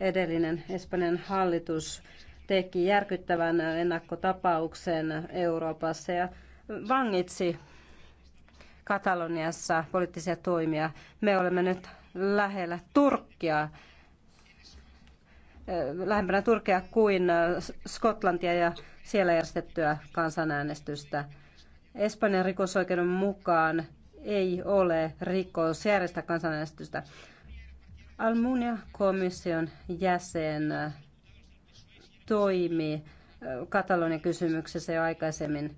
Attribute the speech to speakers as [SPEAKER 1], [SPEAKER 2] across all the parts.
[SPEAKER 1] edellinen Espanjan hallitus teki järkyttävän ennakkotapauksen Euroopassa ja vangitsi Kataloniassa poliittisia toimia. Me olemme nyt lähellä Turkkia, eh, lähempänä Turkkia kuin Skotlantia ja siellä järjestettyä kansanäänestystä. Espanjan rikosoikeuden mukaan ei ole rikos järjestää kansanäänestystä. Almunia komission jäsen toimi Katalonian kysymyksessä jo aikaisemmin.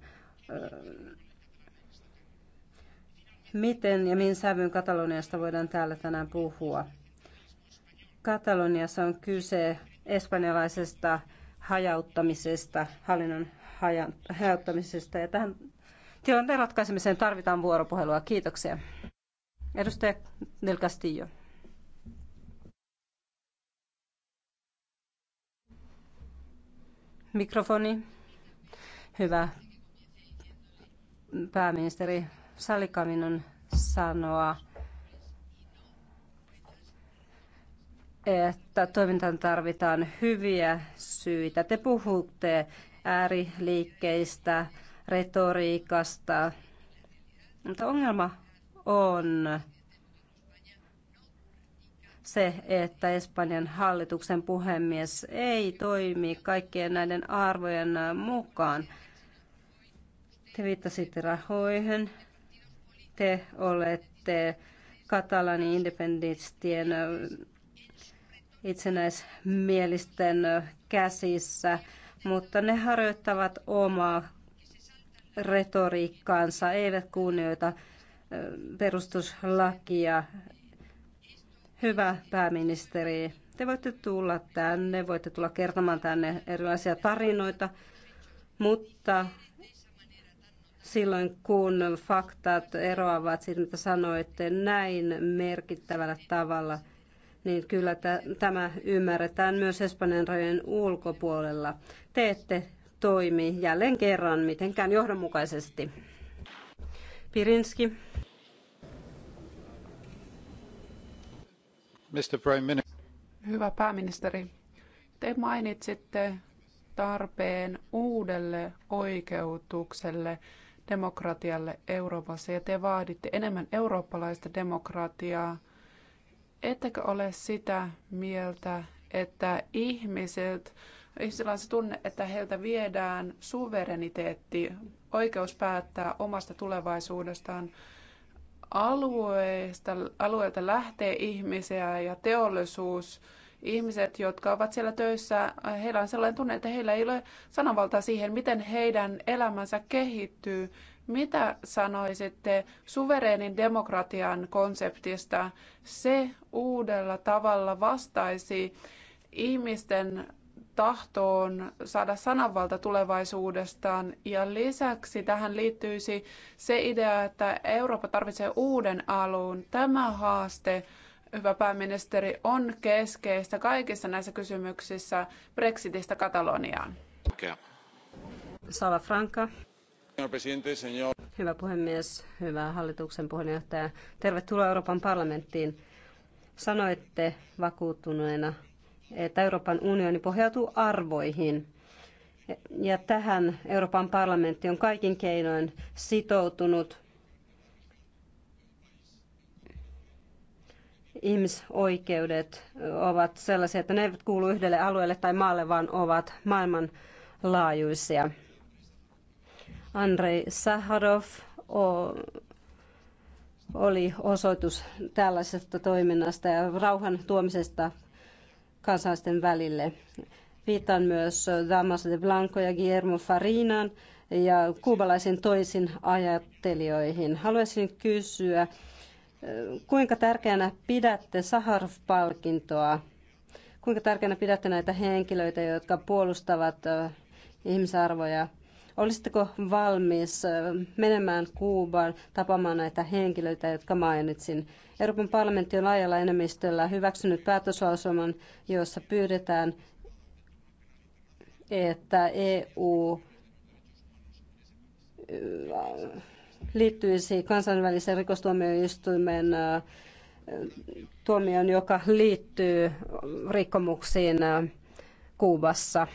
[SPEAKER 1] Miten ja minä sävyyn Kataloniasta voidaan täällä tänään puhua? Kataloniassa on kyse espanjalaisesta hajauttamisesta, hallinnon haja, hajauttamisesta ja tähän tilanteen ratkaisemiseen tarvitaan vuoropuhelua. Kiitoksia. Edustaja Del Castillo. Mikrofoni. Hyvä. Pääministeri, sallikaa minun sanoa, että toimintaan tarvitaan hyviä syitä. Te puhutte ääriliikkeistä, retoriikasta, mutta ongelma on, se, että Espanjan hallituksen puhemies ei toimi kaikkien näiden arvojen mukaan. Te viittasitte rahoihin, te olette katalani independentistien itsenäismielisten käsissä, mutta ne harjoittavat omaa retoriikkaansa, eivät kunnioita perustuslakia Hyvä pääministeri, te voitte tulla tänne, voitte tulla kertomaan tänne erilaisia tarinoita, mutta silloin kun faktat eroavat siitä, mitä sanoitte näin merkittävällä tavalla, niin kyllä tämä ymmärretään myös Espanjan rajojen ulkopuolella. Te ette toimi jälleen kerran mitenkään johdonmukaisesti. Pirinski.
[SPEAKER 2] Hyvä pääministeri, te mainitsitte tarpeen uudelle oikeutukselle demokratialle Euroopassa ja te vaaditte enemmän eurooppalaista demokratiaa. Ettekö ole sitä mieltä, että ihmiset, ihmisillä on se tunne, että heiltä viedään suvereniteetti, oikeus päättää omasta tulevaisuudestaan alueesta, alueelta lähtee ihmisiä ja teollisuus, ihmiset, jotka ovat siellä töissä, heillä on sellainen tunne, että heillä ei ole sananvaltaa siihen, miten heidän elämänsä kehittyy. Mitä sanoisitte suvereenin demokratian konseptista? Se uudella tavalla vastaisi ihmisten tahtoon saada sananvalta tulevaisuudestaan. Ja lisäksi tähän liittyisi se idea, että Eurooppa tarvitsee uuden alun. Tämä haaste, hyvä pääministeri, on keskeistä kaikissa näissä kysymyksissä Brexitistä Kataloniaan. Sala
[SPEAKER 1] Hyvä puhemies, hyvä hallituksen puheenjohtaja. Tervetuloa Euroopan parlamenttiin. Sanoitte vakuuttuneena että Euroopan unioni pohjautuu arvoihin. Ja tähän Euroopan parlamentti on kaikin keinoin sitoutunut ihmisoikeudet ovat sellaisia, että ne eivät kuulu yhdelle alueelle tai maalle, vaan ovat maailmanlaajuisia. Andrei Saharov oli osoitus tällaisesta toiminnasta ja rauhan tuomisesta kansalaisten välille. Viitan myös Damas de Blanco ja Guillermo Farinan ja kuubalaisen toisin ajattelijoihin. Haluaisin kysyä, eh, kuinka tärkeänä pidätte Saharov-palkintoa? Kuinka tärkeänä pidätte näitä henkilöitä, jotka puolustavat eh, ihmisarvoja Olisitteko valmis menemään Kuubaan tapaamaan näitä henkilöitä, jotka mainitsin? Euroopan parlamentti on laajalla enemmistöllä hyväksynyt päätöslauselman, jossa pyydetään, että EU liittyisi kansainvälisen rikostuomioistuimen tuomioon, joka liittyy rikkomuksiin Kuubassa.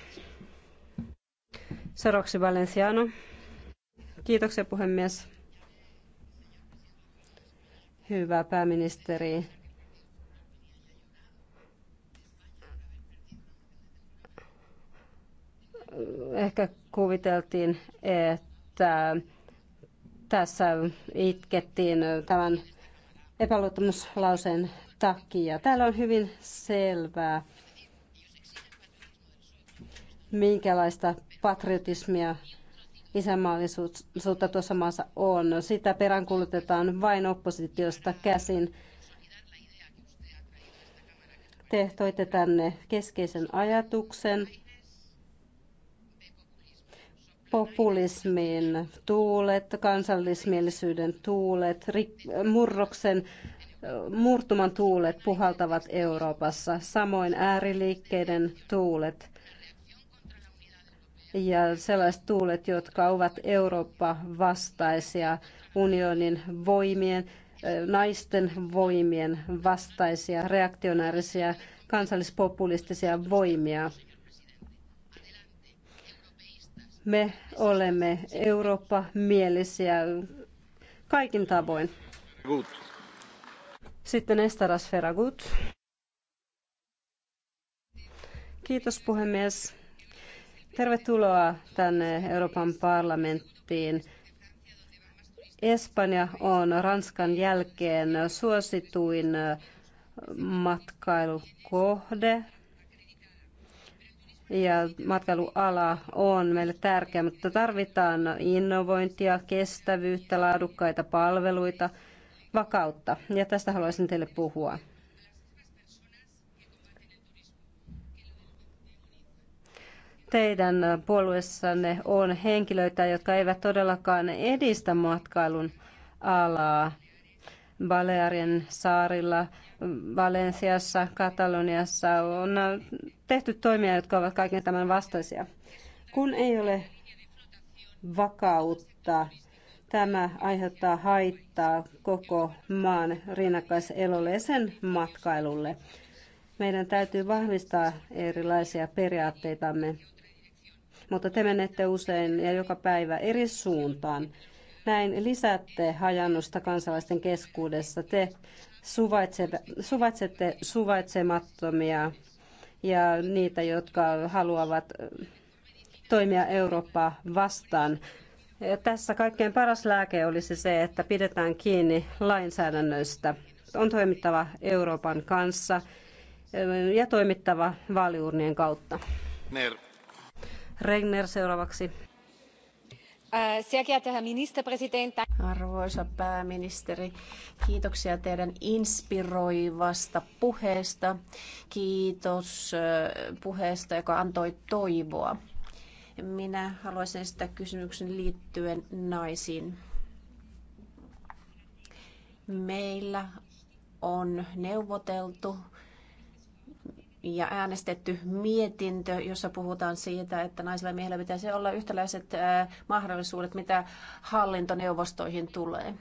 [SPEAKER 1] Seuraavaksi Valenciano. Kiitoksia puhemies. Hyvä pääministeri. Ehkä kuviteltiin, että tässä itkettiin tämän epäluottamuslauseen takia. Täällä on hyvin selvää, minkälaista patriotismia, isänmaallisuutta tuossa maassa on. Sitä peräänkuulutetaan vain oppositiosta käsin. Te toitte tänne keskeisen ajatuksen populismin tuulet, kansallismielisyyden tuulet, murroksen murtuman tuulet puhaltavat Euroopassa, samoin ääriliikkeiden tuulet – ja sellaiset tuulet, jotka ovat Eurooppa-vastaisia unionin voimien, naisten voimien vastaisia, reaktionäärisiä, kansallispopulistisia voimia. Me olemme Eurooppa-mielisiä kaikin tavoin. Good. Sitten Estaras Feragut. Kiitos puhemies. Tervetuloa tänne Euroopan parlamenttiin. Espanja on Ranskan jälkeen suosituin matkailukohde. Ja matkailuala on meille tärkeä, mutta tarvitaan innovointia, kestävyyttä, laadukkaita palveluita, vakautta. Ja tästä haluaisin teille puhua. teidän puolueessanne on henkilöitä, jotka eivät todellakaan edistä matkailun alaa. Balearien saarilla, Valensiassa, Kataloniassa on tehty toimia, jotka ovat kaiken tämän vastaisia. Kun ei ole vakautta, tämä aiheuttaa haittaa koko maan rinnakkaiselolle ja sen matkailulle. Meidän täytyy vahvistaa erilaisia periaatteitamme, mutta te menette usein ja joka päivä eri suuntaan. Näin lisäätte hajannusta kansalaisten keskuudessa. Te suvaitsette suvaitsemattomia ja niitä, jotka haluavat toimia Eurooppaa vastaan. Ja tässä kaikkein paras lääke olisi se, että pidetään kiinni lainsäädännöstä. On toimittava Euroopan kanssa ja toimittava vaaliurnien kautta. Ner. Regner seuraavaksi.
[SPEAKER 3] Äh, Arvoisa pääministeri, kiitoksia teidän inspiroivasta puheesta. Kiitos äh, puheesta, joka antoi toivoa. Minä haluaisin esittää kysymyksen liittyen naisiin. Meillä on neuvoteltu ja äänestetty mietintö, jossa puhutaan siitä, että naisilla ja miehillä pitäisi olla yhtäläiset mahdollisuudet, mitä hallintoneuvostoihin tulee.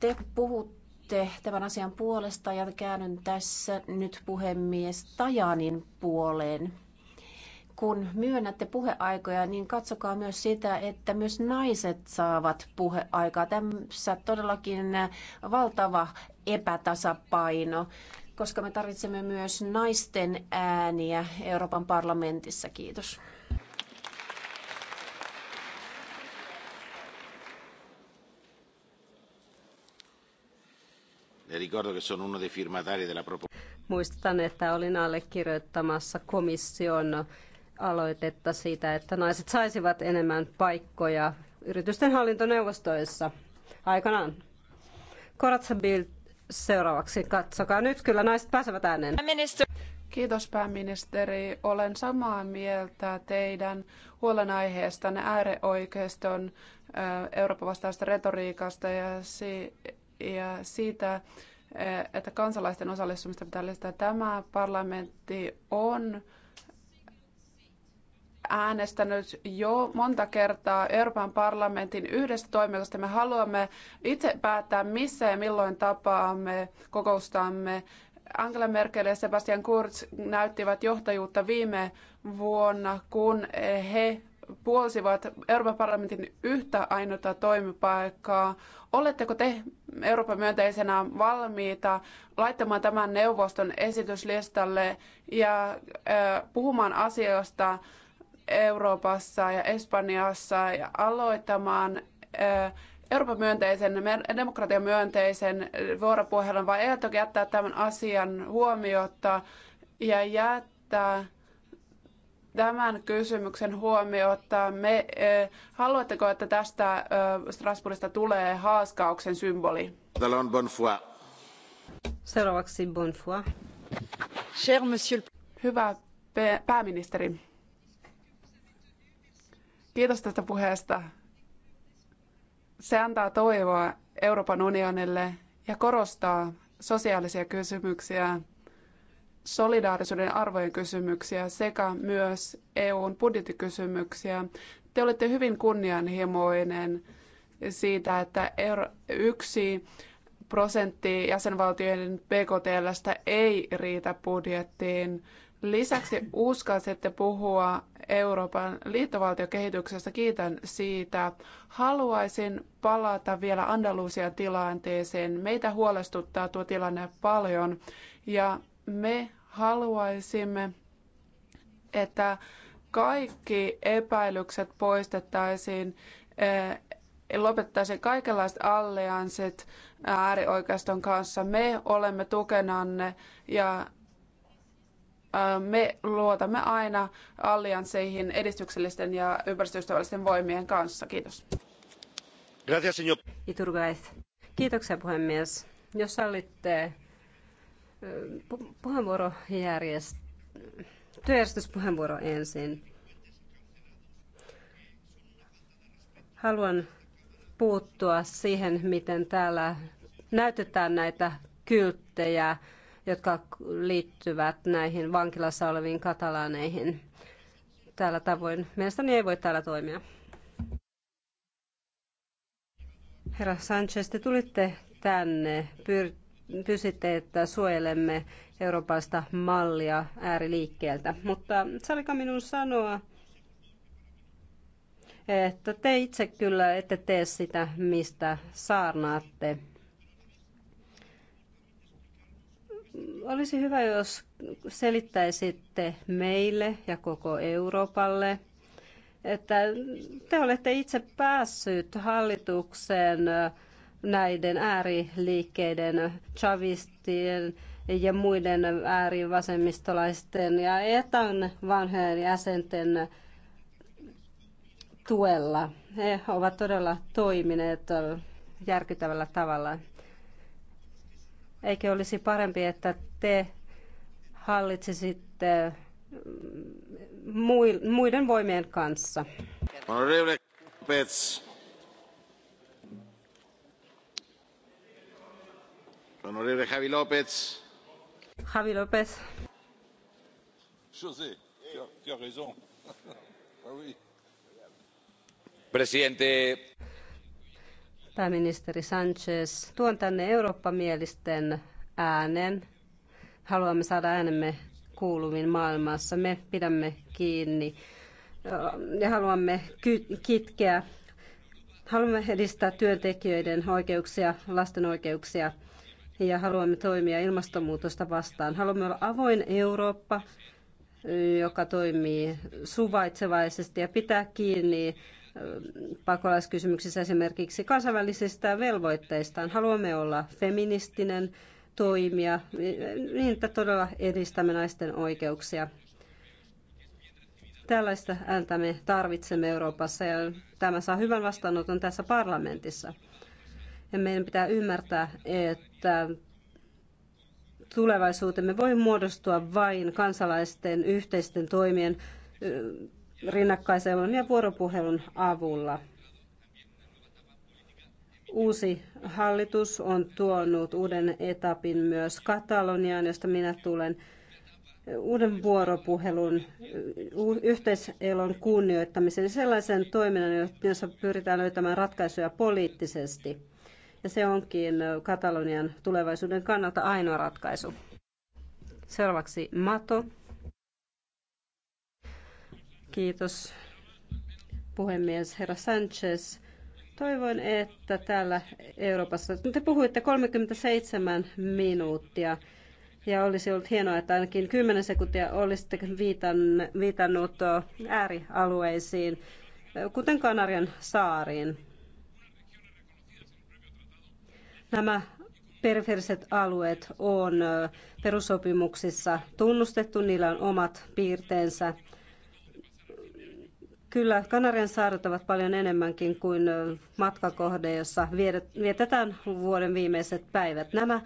[SPEAKER 3] Te puhutte tämän asian puolesta ja käännyn tässä nyt puhemies Tajanin puoleen. Kun myönnätte puheaikoja, niin katsokaa myös sitä, että myös naiset saavat puheaikaa. Tässä todellakin valtava epätasapaino koska me tarvitsemme myös naisten ääniä Euroopan parlamentissa. Kiitos.
[SPEAKER 1] Muistutan, että olin allekirjoittamassa komission aloitetta siitä, että naiset saisivat enemmän paikkoja yritysten hallintoneuvostoissa aikanaan. Koratsa Bild Seuraavaksi katsokaa nyt, kyllä naiset pääsevät ääneen.
[SPEAKER 2] Kiitos pääministeri. Olen samaa mieltä teidän huolenaiheestanne ääreoikeiston Euroopan vastaista retoriikasta ja, si- ja siitä, että kansalaisten osallistumista pitää lisätä. Tämä parlamentti on äänestänyt jo monta kertaa Euroopan parlamentin yhdestä toimijasta. Me haluamme itse päättää, missä ja milloin tapaamme, kokoustamme. Angela Merkel ja Sebastian Kurz näyttivät johtajuutta viime vuonna, kun he puolsivat Euroopan parlamentin yhtä ainoata toimipaikkaa. Oletteko te Euroopan myönteisenä valmiita laittamaan tämän neuvoston esityslistalle ja puhumaan asiasta, Euroopassa ja Espanjassa ja aloittamaan Euroopan myönteisen, demokratian myönteisen vuoropuhelun, vai ei toki jättää tämän asian huomiota ja jättää tämän kysymyksen huomiota. Me, eh, haluatteko, että tästä eh, Strasbourgista tulee haaskauksen symboli? Bonfoy. Seuraavaksi Bonfoy. Cher monsieur... Hyvä pääministeri. Kiitos tästä puheesta. Se antaa toivoa Euroopan unionille ja korostaa sosiaalisia kysymyksiä, solidaarisuuden arvojen kysymyksiä sekä myös EUn budjettikysymyksiä. Te olette hyvin kunnianhimoinen siitä, että yksi prosentti jäsenvaltioiden BKTLstä ei riitä budjettiin. Lisäksi uskalsitte puhua Euroopan liittovaltiokehityksestä. Kiitän siitä. Haluaisin palata vielä Andalusian tilanteeseen. Meitä huolestuttaa tuo tilanne paljon ja me haluaisimme, että kaikki epäilykset poistettaisiin, eh, lopettaisiin kaikenlaiset allianssit äärioikeiston kanssa. Me olemme tukenanne ja me luotamme aina alliansseihin edistyksellisten ja ympäristöystävällisten voimien kanssa. Kiitos. Gracias, señor. Kiitoksia puhemies.
[SPEAKER 1] Jos sallitte puheenvuoro työjärjestyspuheenvuoro ensin. Haluan puuttua siihen, miten täällä näytetään näitä kylttejä jotka liittyvät näihin vankilassa oleviin katalaaneihin. Tällä tavoin mielestäni ei voi täällä toimia. Herra Sanchez, te tulitte tänne, pyr- pysitte, että suojelemme Euroopasta mallia ääriliikkeeltä. Mutta saliko minun sanoa, että te itse kyllä ette tee sitä, mistä saarnaatte. Olisi hyvä, jos selittäisitte meille ja koko Euroopalle, että te olette itse päässyt hallitukseen näiden ääriliikkeiden, chavistien ja muiden äärivasemmistolaisten ja etan vanhojen jäsenten tuella. He ovat todella toimineet järkyttävällä tavalla. Eikö olisi parempi, että te hallitsisitte mm, muiden voimien kanssa?
[SPEAKER 3] Honorable Javi López. Javi López. José, tu as, tu as raison. Ah Presidente
[SPEAKER 1] pääministeri Sanchez, tuon tänne eurooppamielisten äänen. Haluamme saada äänemme kuuluviin maailmassa. Me pidämme kiinni ja haluamme kitkeä. Haluamme edistää työntekijöiden oikeuksia, lasten oikeuksia ja haluamme toimia ilmastonmuutosta vastaan. Haluamme olla avoin Eurooppa, joka toimii suvaitsevaisesti ja pitää kiinni pakolaiskysymyksissä esimerkiksi kansainvälisistä velvoitteistaan. Haluamme olla feministinen toimija niin, että todella edistämme naisten oikeuksia. Tällaista ääntä me tarvitsemme Euroopassa ja tämä saa hyvän vastaanoton tässä parlamentissa. Ja meidän pitää ymmärtää, että tulevaisuutemme voi muodostua vain kansalaisten yhteisten toimien rinnakkaiselon ja vuoropuhelun avulla. Uusi hallitus on tuonut uuden etapin myös Kataloniaan, josta minä tulen uuden vuoropuhelun, yhteiselon kunnioittamisen, sellaisen toiminnan, jossa pyritään löytämään ratkaisuja poliittisesti. Ja se onkin Katalonian tulevaisuuden kannalta ainoa ratkaisu. Seuraavaksi Mato. Kiitos puhemies herra Sanchez. Toivoin, että täällä Euroopassa, te puhuitte 37 minuuttia ja olisi ollut hienoa, että ainakin 10 sekuntia olisitte viitannut äärialueisiin, kuten Kanarian saariin. Nämä periferiset alueet on perussopimuksissa tunnustettu, niillä on omat piirteensä. Kyllä, Kanarian saaret ovat paljon enemmänkin kuin matkakohde, jossa vietetään vuoden viimeiset päivät. Nämä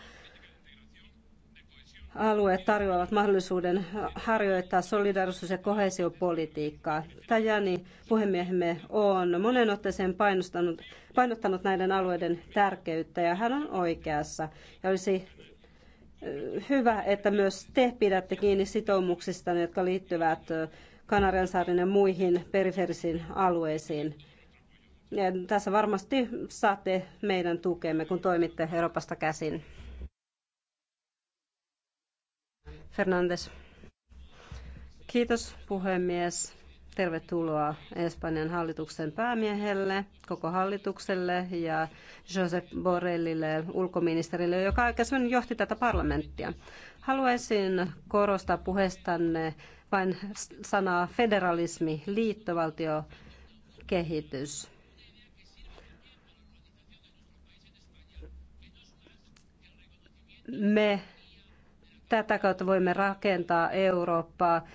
[SPEAKER 1] alueet tarjoavat mahdollisuuden harjoittaa solidarisuus- ja kohesiopolitiikkaa. Tajani puhemiehemme on monen otteeseen painostanut painottanut näiden alueiden tärkeyttä ja hän on oikeassa. Ja olisi hyvä, että myös te pidätte kiinni sitoumuksista, jotka liittyvät Kanariansaarin ja muihin periferisiin alueisiin. Ja tässä varmasti saatte meidän tukemme, kun toimitte Euroopasta käsin. Fernandes. Kiitos puhemies. Tervetuloa Espanjan hallituksen päämiehelle, koko hallitukselle ja Josep Borrellille, ulkoministerille, joka aikaisemmin johti tätä parlamenttia. Haluaisin korostaa puheestanne vain sanaa federalismi, liittovaltio, kehitys. Me tätä kautta voimme rakentaa Eurooppaa,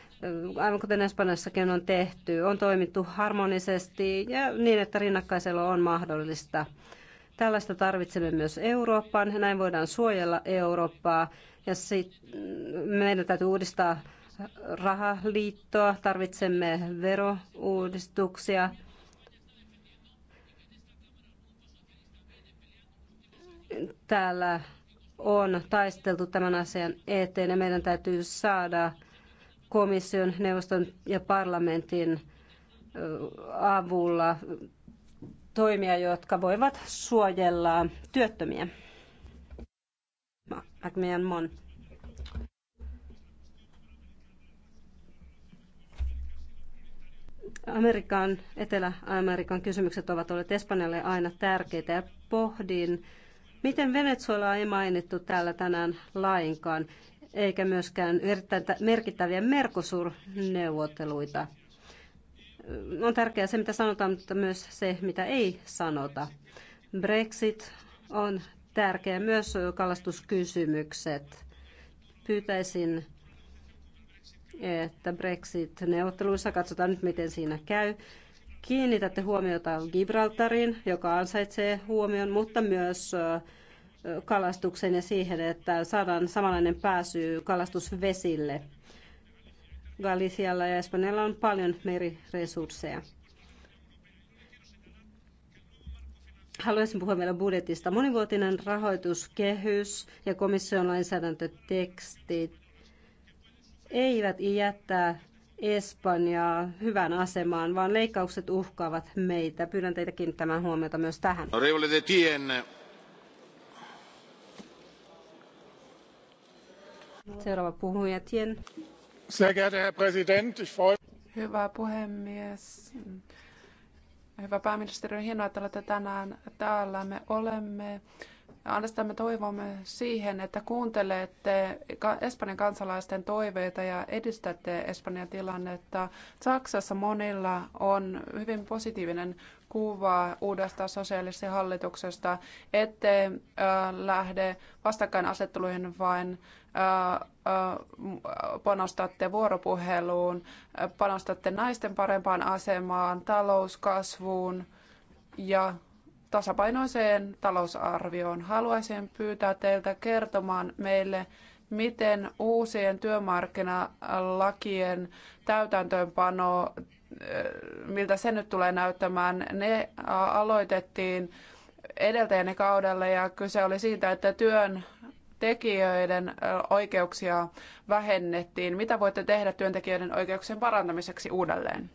[SPEAKER 1] aivan kuten Espanjassakin on tehty. On toimittu harmonisesti ja niin, että rinnakkaisella on mahdollista. Tällaista tarvitsemme myös Eurooppaan. Näin voidaan suojella Eurooppaa ja sit, meidän täytyy uudistaa rahaliittoa, tarvitsemme verouudistuksia. Täällä on taisteltu tämän asian eteen ja meidän täytyy saada komission, neuvoston ja parlamentin avulla toimia, jotka voivat suojella työttömiä. Mon. Amerikan, Etelä-Amerikan kysymykset ovat olleet Espanjalle aina tärkeitä ja pohdin, miten Venezuela ei mainittu täällä tänään lainkaan, eikä myöskään merkittäviä Mercosur-neuvotteluita. On tärkeää se, mitä sanotaan, mutta myös se, mitä ei sanota. Brexit on tärkeä, myös kalastuskysymykset. Pyytäisin että Brexit-neuvotteluissa, katsotaan nyt miten siinä käy, kiinnitätte huomiota Gibraltarin, joka ansaitsee huomion, mutta myös kalastukseen ja siihen, että saadaan samanlainen pääsy kalastusvesille. Galicialla ja Espanjalla on paljon meriresursseja. Haluaisin puhua vielä budjetista. Monivuotinen rahoituskehys ja komission lainsäädäntötekstit eivät jättää Espanjaa hyvän asemaan, vaan leikkaukset uhkaavat meitä. Pyydän teitä kiinnittämään huomiota myös tähän. Seuraava puhuja Tien.
[SPEAKER 2] Hyvä puhemies. Hyvä pääministeri, on hienoa, että olette tänään täällä. Me olemme me toivomme siihen, että kuuntelette Espanjan kansalaisten toiveita ja edistätte Espanjan tilannetta. Saksassa monilla on hyvin positiivinen kuva uudesta sosiaalisesta hallituksesta, ettei äh, lähde vastakkainasetteluihin, vaan äh, äh, panostatte vuoropuheluun, äh, panostatte naisten parempaan asemaan, talouskasvuun ja tasapainoiseen talousarvioon. Haluaisin pyytää teiltä kertomaan meille, miten uusien työmarkkinalakien täytäntöönpano, eh, miltä se nyt tulee näyttämään, ne aloitettiin edeltäjänne kaudella ja kyse oli siitä, että työn työntekijöiden oikeuksia vähennettiin. Mitä voitte tehdä työntekijöiden oikeuksien parantamiseksi uudelleen?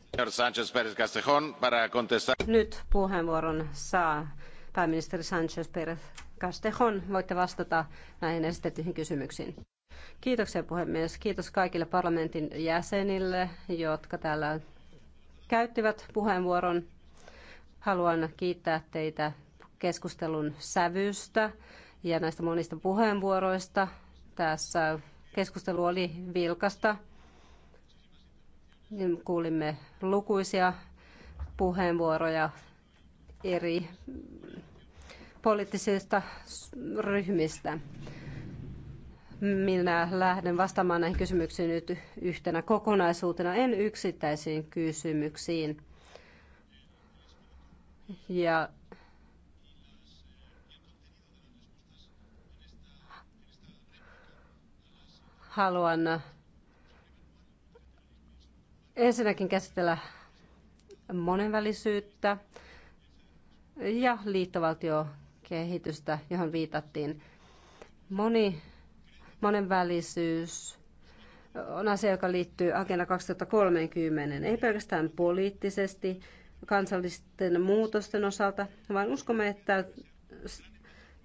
[SPEAKER 3] Nyt
[SPEAKER 1] puheenvuoron saa pääministeri Sanchez Perez Castejon. Voitte vastata näihin esitettyihin kysymyksiin. Kiitoksia puhemies. Kiitos kaikille parlamentin jäsenille, jotka täällä käyttivät puheenvuoron. Haluan kiittää teitä keskustelun sävystä ja näistä monista puheenvuoroista. Tässä keskustelu oli vilkasta. Kuulimme lukuisia puheenvuoroja eri poliittisista ryhmistä. Minä lähden vastaamaan näihin kysymyksiin nyt yhtenä kokonaisuutena, en yksittäisiin kysymyksiin. Ja haluan ensinnäkin käsitellä monenvälisyyttä ja liittovaltiokehitystä, johon viitattiin. Moni monenvälisyys on asia, joka liittyy Agenda 2030, ei pelkästään poliittisesti kansallisten muutosten osalta, vaan uskomme, että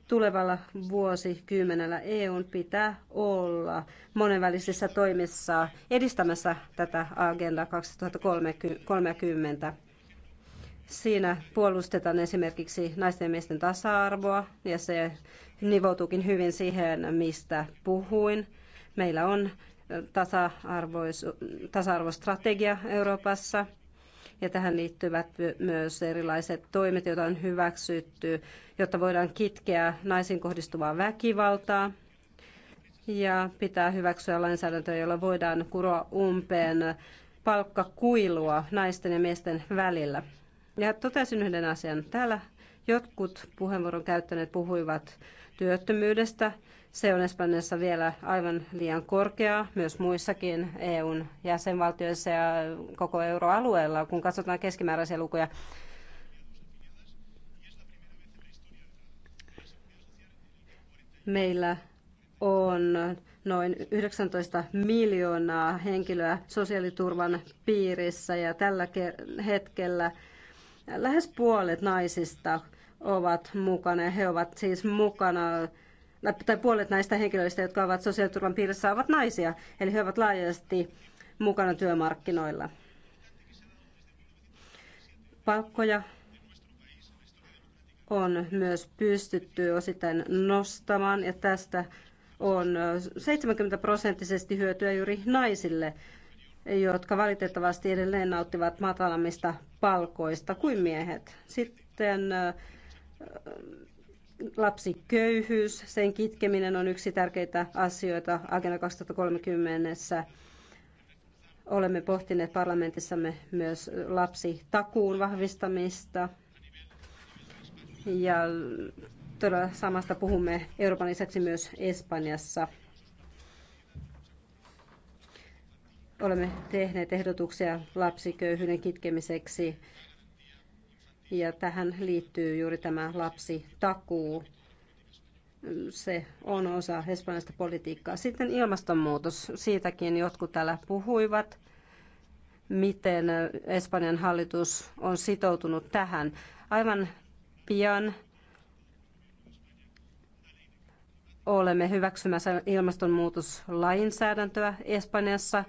[SPEAKER 1] tulevalla vuosikymmenellä EUn pitää olla monenvälisissä toimissa edistämässä tätä Agenda 2030. Siinä puolustetaan esimerkiksi naisten ja miesten tasa-arvoa, ja se nivoutuukin hyvin siihen, mistä puhuin. Meillä on tasa-arvostrategia tasa Euroopassa – ja tähän liittyvät myös erilaiset toimet, joita on hyväksytty, jotta voidaan kitkeä naisiin kohdistuvaa väkivaltaa ja pitää hyväksyä lainsäädäntöä, jolla voidaan kuroa umpeen palkkakuilua naisten ja miesten välillä. Ja totesin yhden asian. Täällä jotkut puheenvuoron käyttäneet puhuivat työttömyydestä se on Espanjassa vielä aivan liian korkea, myös muissakin EUn jäsenvaltioissa ja koko euroalueella, kun katsotaan keskimääräisiä lukuja. Meillä on noin 19 miljoonaa henkilöä sosiaaliturvan piirissä ja tällä hetkellä lähes puolet naisista ovat mukana ja he ovat siis mukana tai puolet näistä henkilöistä, jotka ovat sosiaaliturvan piirissä, ovat naisia, eli he ovat laajasti mukana työmarkkinoilla. Palkkoja on myös pystytty osittain nostamaan ja tästä on 70 prosenttisesti hyötyä juuri naisille, jotka valitettavasti edelleen nauttivat matalammista palkoista kuin miehet. Sitten lapsiköyhyys, sen kitkeminen on yksi tärkeitä asioita Agenda 2030. Olemme pohtineet parlamentissamme myös lapsitakuun vahvistamista ja todella samasta puhumme Euroopan lisäksi myös Espanjassa. Olemme tehneet ehdotuksia lapsiköyhyyden kitkemiseksi ja tähän liittyy juuri tämä lapsitakuu. Se on osa espanjalaista politiikkaa. Sitten ilmastonmuutos. Siitäkin jotkut täällä puhuivat miten Espanjan hallitus on sitoutunut tähän. Aivan pian olemme hyväksymässä ilmastonmuutoslainsäädäntöä Espanjassa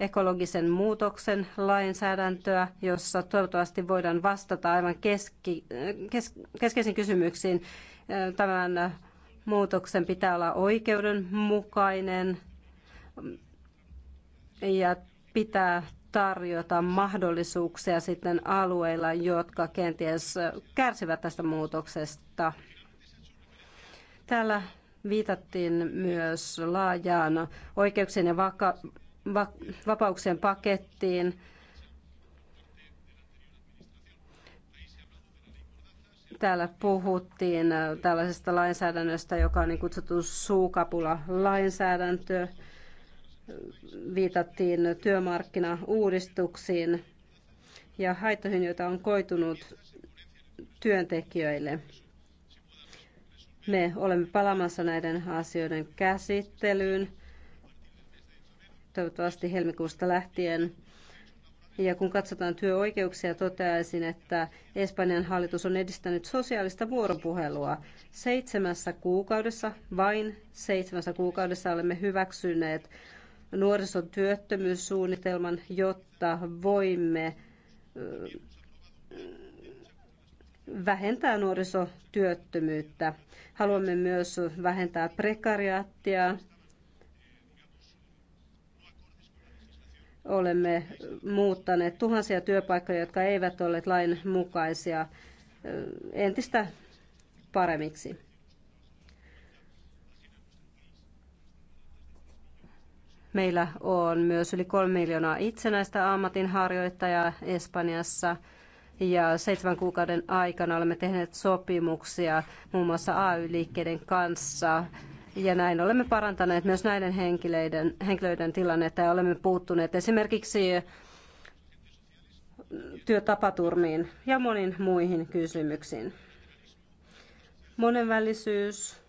[SPEAKER 1] ekologisen muutoksen lainsäädäntöä, jossa toivottavasti voidaan vastata aivan keski, kes, keskeisiin kysymyksiin. Tämän muutoksen pitää olla oikeudenmukainen ja pitää tarjota mahdollisuuksia sitten alueilla, jotka kenties kärsivät tästä muutoksesta. Täällä viitattiin myös laajaan oikeuksien ja vaka- vapauksien pakettiin. Täällä puhuttiin äh, tällaisesta lainsäädännöstä, joka on niin kutsuttu suukapula-lainsäädäntö. Viitattiin työmarkkinauudistuksiin ja haittoihin, joita on koitunut työntekijöille. Me olemme palaamassa näiden asioiden käsittelyyn toivottavasti helmikuusta lähtien. Ja kun katsotaan työoikeuksia, toteaisin, että Espanjan hallitus on edistänyt sosiaalista vuoropuhelua. Seitsemässä kuukaudessa, vain seitsemässä kuukaudessa olemme hyväksyneet työttömyyssuunnitelman, jotta voimme vähentää nuorisotyöttömyyttä. Haluamme myös vähentää prekariaattia olemme muuttaneet tuhansia työpaikkoja, jotka eivät olleet lain mukaisia entistä paremmiksi. Meillä on myös yli kolme miljoonaa itsenäistä ammatinharjoittajaa Espanjassa ja seitsemän kuukauden aikana olemme tehneet sopimuksia muun muassa AY-liikkeiden kanssa ja näin olemme parantaneet myös näiden henkilöiden, henkilöiden tilannetta ja olemme puuttuneet esimerkiksi työtapaturmiin ja moniin muihin kysymyksiin. Monenvälisyys.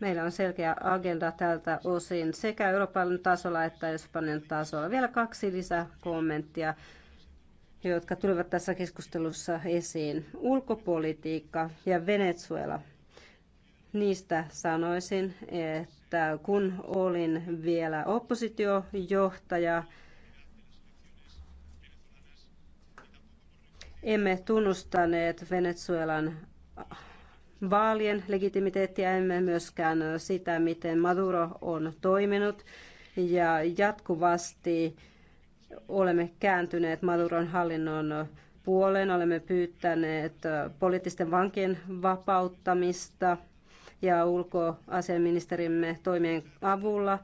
[SPEAKER 1] Meillä on selkeä agenda tältä osin sekä Euroopan tasolla että Espanjan tasolla. Vielä kaksi lisäkommenttia, jotka tulevat tässä keskustelussa esiin. Ulkopolitiikka ja Venezuela. Niistä sanoisin, että kun olin vielä oppositiojohtaja, emme tunnustaneet Venezuelan vaalien legitimiteettiä, emme myöskään sitä, miten Maduro on toiminut. Ja jatkuvasti olemme kääntyneet Maduron hallinnon puoleen, olemme pyytäneet poliittisten vankien vapauttamista – ja ulkoasiaministerimme toimien avulla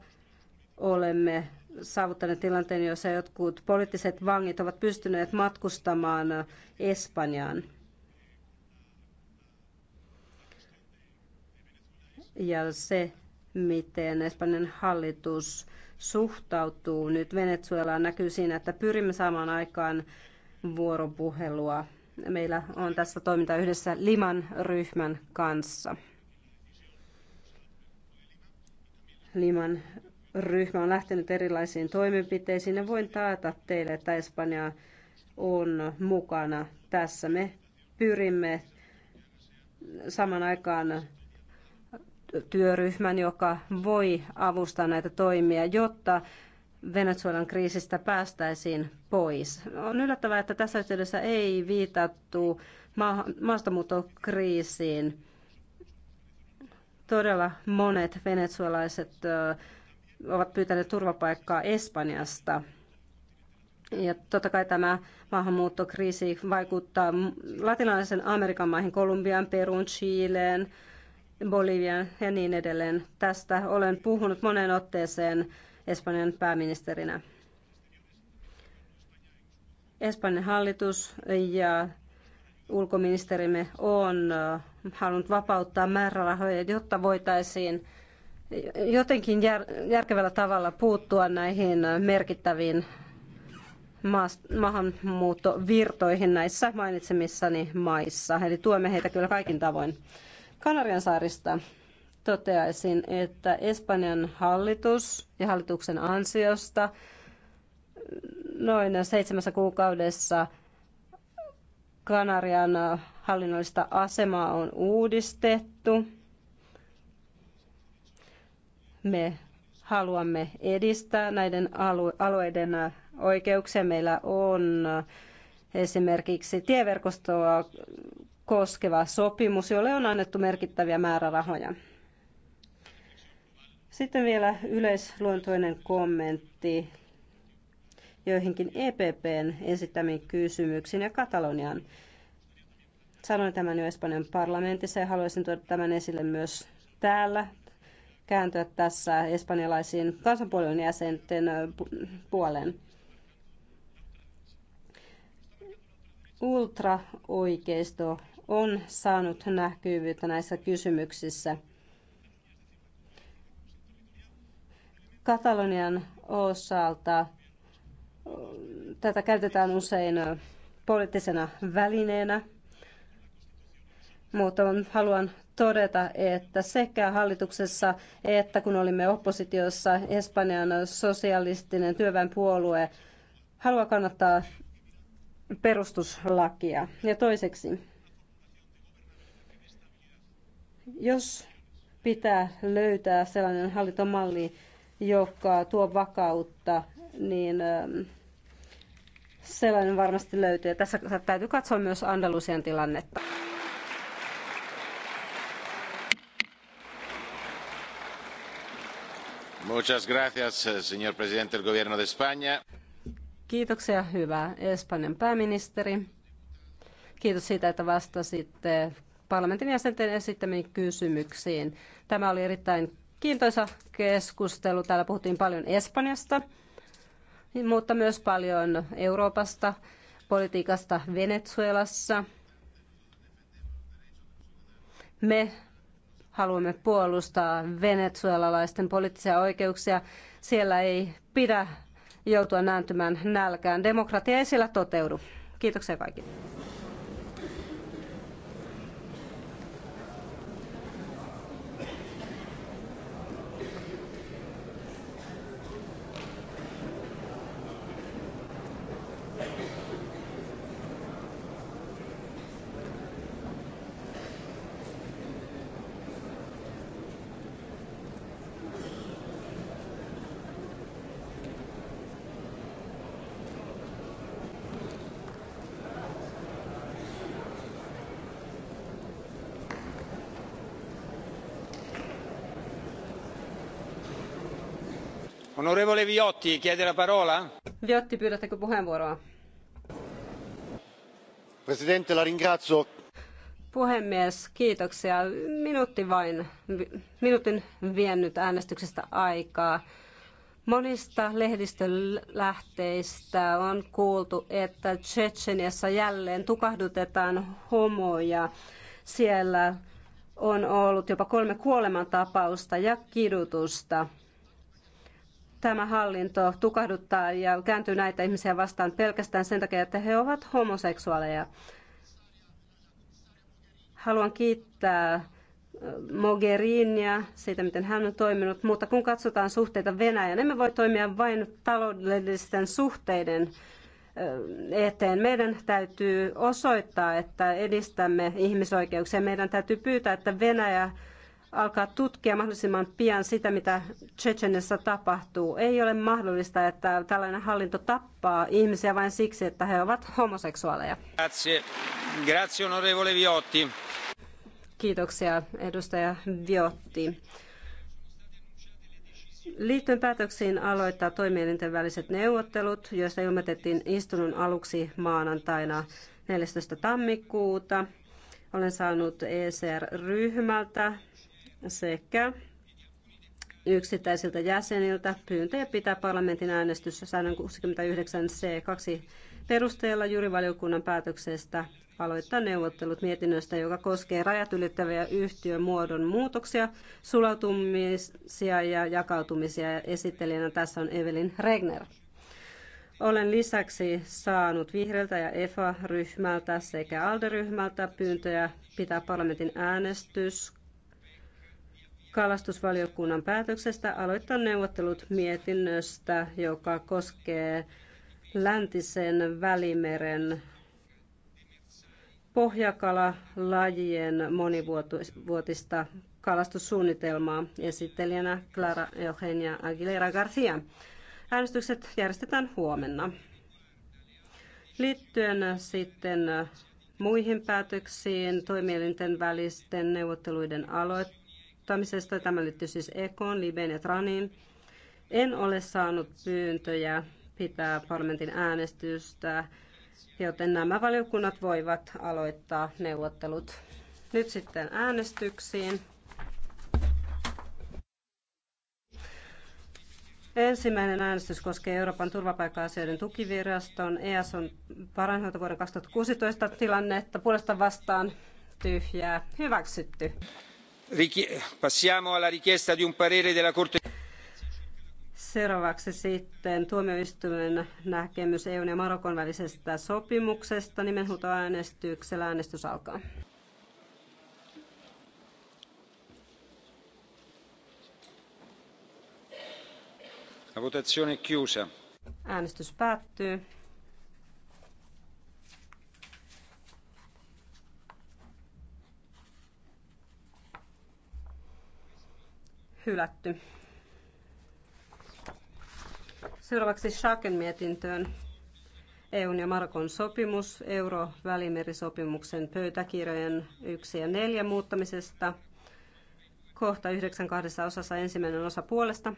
[SPEAKER 1] olemme saavuttaneet tilanteen, jossa jotkut poliittiset vangit ovat pystyneet matkustamaan Espanjaan. Ja se, miten Espanjan hallitus suhtautuu nyt Venezuelaan, näkyy siinä, että pyrimme saamaan aikaan vuoropuhelua. Meillä on tässä toiminta yhdessä Liman ryhmän kanssa. Liman ryhmä on lähtenyt erilaisiin toimenpiteisiin ja voin taata teille, että Espanja on mukana tässä. Me pyrimme saman aikaan työryhmän, joka voi avustaa näitä toimia, jotta Venezuelan kriisistä päästäisiin pois. On yllättävää, että tässä yhteydessä ei viitattu maahanmuuttokriisiin. Todella monet venezuelaiset ovat pyytäneet turvapaikkaa Espanjasta. Ja totta kai tämä maahanmuuttokriisi vaikuttaa latinalaisen Amerikan maihin, Kolumbian, Peruun, Chileen, Bolivian ja niin edelleen. Tästä olen puhunut moneen otteeseen Espanjan pääministerinä. Espanjan hallitus ja ulkoministerimme on halunnut vapauttaa määrärahoja, jotta voitaisiin jotenkin järkevällä tavalla puuttua näihin merkittäviin maahanmuuttovirtoihin näissä mainitsemissani maissa. Eli tuemme heitä kyllä kaikin tavoin. Kanarian saarista toteaisin, että Espanjan hallitus ja hallituksen ansiosta noin seitsemässä kuukaudessa – Kanarian äh, hallinnollista asemaa on uudistettu. Me haluamme edistää näiden alueiden äh, oikeuksia. Meillä on äh, esimerkiksi tieverkostoa koskeva sopimus, jolle on annettu merkittäviä määrärahoja. Sitten vielä yleisluontoinen kommentti joihinkin EPPn esittämiin kysymyksiin ja Katalonian Sanoin tämän jo Espanjan parlamentissa ja haluaisin tuoda tämän esille myös täällä, kääntyä tässä espanjalaisiin kansanpuolueen jäsenten puoleen. Ultraoikeisto on saanut näkyvyyttä näissä kysymyksissä. Katalonian osalta Tätä käytetään usein poliittisena välineenä, mutta haluan todeta, että sekä hallituksessa että kun olimme oppositiossa, Espanjan sosialistinen työväenpuolue haluaa kannattaa perustuslakia. Ja toiseksi, jos pitää löytää sellainen hallintomalli, joka tuo vakautta, niin Sellainen varmasti löytyy. Tässä täytyy katsoa myös Andalusian tilannetta.
[SPEAKER 3] Muchas gracias, señor presidente del gobierno de España.
[SPEAKER 1] Kiitoksia, hyvä Espanjan pääministeri. Kiitos siitä, että vastasitte parlamentin jäsenten esittämiin kysymyksiin. Tämä oli erittäin kiintoisa keskustelu. Täällä puhuttiin paljon Espanjasta mutta myös paljon Euroopasta, politiikasta Venezuelassa. Me haluamme puolustaa venezuelalaisten poliittisia oikeuksia. Siellä ei pidä joutua nääntymään nälkään. Demokratia ei siellä toteudu. Kiitoksia kaikille.
[SPEAKER 3] Onorevole Viotti, chiede la parola?
[SPEAKER 1] Viotti, pyydättekö puheenvuoroa? Puhemies, kiitoksia. Minuutti vain, minuutin viennyt äänestyksestä aikaa. Monista lehdistölähteistä on kuultu, että Tsetseniassa jälleen tukahdutetaan homoja. Siellä on ollut jopa kolme kuolemantapausta ja kidutusta tämä hallinto tukahduttaa ja kääntyy näitä ihmisiä vastaan pelkästään sen takia, että he ovat homoseksuaaleja. Haluan kiittää äh, Mogherinia siitä, miten hän on toiminut, mutta kun katsotaan suhteita Venäjän, emme voi toimia vain taloudellisten suhteiden äh, eteen. Meidän täytyy osoittaa, että edistämme ihmisoikeuksia. Meidän täytyy pyytää, että Venäjä alkaa tutkia mahdollisimman pian sitä, mitä Tsechenessä tapahtuu. Ei ole mahdollista, että tällainen hallinto tappaa ihmisiä vain siksi, että he ovat homoseksuaaleja. Grazie.
[SPEAKER 3] Grazie, onorevole Viotti.
[SPEAKER 1] Kiitoksia, edustaja Viotti. Liittyen päätöksiin aloittaa toimielinten väliset neuvottelut, joista ilmoitettiin istunnon aluksi maanantaina 14. tammikuuta. Olen saanut ECR-ryhmältä sekä yksittäisiltä jäseniltä pyyntöjä pitää parlamentin äänestys 169 c 2 perusteella juurivaliokunnan päätöksestä aloittaa neuvottelut mietinnöstä, joka koskee rajat ylittäviä yhtiömuodon muutoksia, sulautumisia ja jakautumisia. Esittelijänä tässä on Evelin Regner. Olen lisäksi saanut vihreältä ja EFA-ryhmältä sekä ALDE-ryhmältä pyyntöjä pitää parlamentin äänestys kalastusvaliokunnan päätöksestä aloittaa neuvottelut mietinnöstä, joka koskee läntisen välimeren pohjakalalajien monivuotista kalastussuunnitelmaa esittelijänä Clara Eugenia Aguilera Garcia. Äänestykset järjestetään huomenna. Liittyen sitten muihin päätöksiin toimielinten välisten neuvotteluiden aloittamiseen, muuttamisesta. Tämä liittyy siis Ekon, Liben ja Tranin. En ole saanut pyyntöjä pitää parlamentin äänestystä, joten nämä valiokunnat voivat aloittaa neuvottelut. Nyt sitten äänestyksiin. Ensimmäinen äänestys koskee Euroopan turvapaikka-asioiden tukiviraston e on parannettu vuoden 2016 tilannetta. Puolesta vastaan tyhjää. Hyväksytty.
[SPEAKER 3] Passiamo alla richiesta di un parere della Corte.
[SPEAKER 1] Seuraavaksi sitten tuomioistuimen näkemys EUn ja Marokon välisestä sopimuksesta nimenhuutoäänestyksellä. Äänestys alkaa.
[SPEAKER 3] La votazione è chiusa.
[SPEAKER 1] Äänestys päättyy. hylätty. Seuraavaksi Schaken mietintöön. EUn ja Marokon sopimus Euro-välimerisopimuksen pöytäkirjojen 1 ja 4 muuttamisesta. Kohta 9 kahdessa osassa ensimmäinen osa puolesta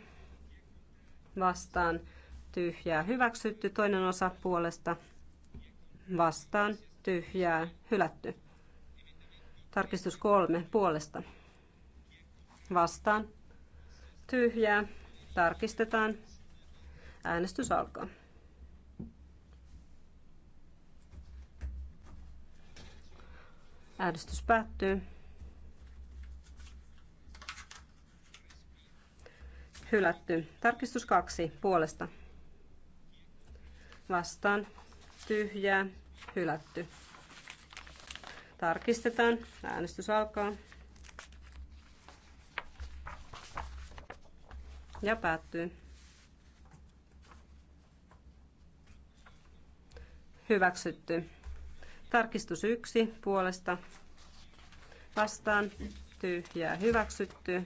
[SPEAKER 1] vastaan tyhjää hyväksytty, toinen osa puolesta vastaan tyhjää hylätty. Tarkistus kolme puolesta vastaan tyhjää. Tarkistetaan. Äänestys alkaa. Äänestys päättyy. Hylätty. Tarkistus kaksi puolesta. Vastaan. Tyhjää. Hylätty. Tarkistetaan. Äänestys alkaa. ja päättyy. Hyväksytty. Tarkistus yksi puolesta vastaan tyhjää hyväksytty.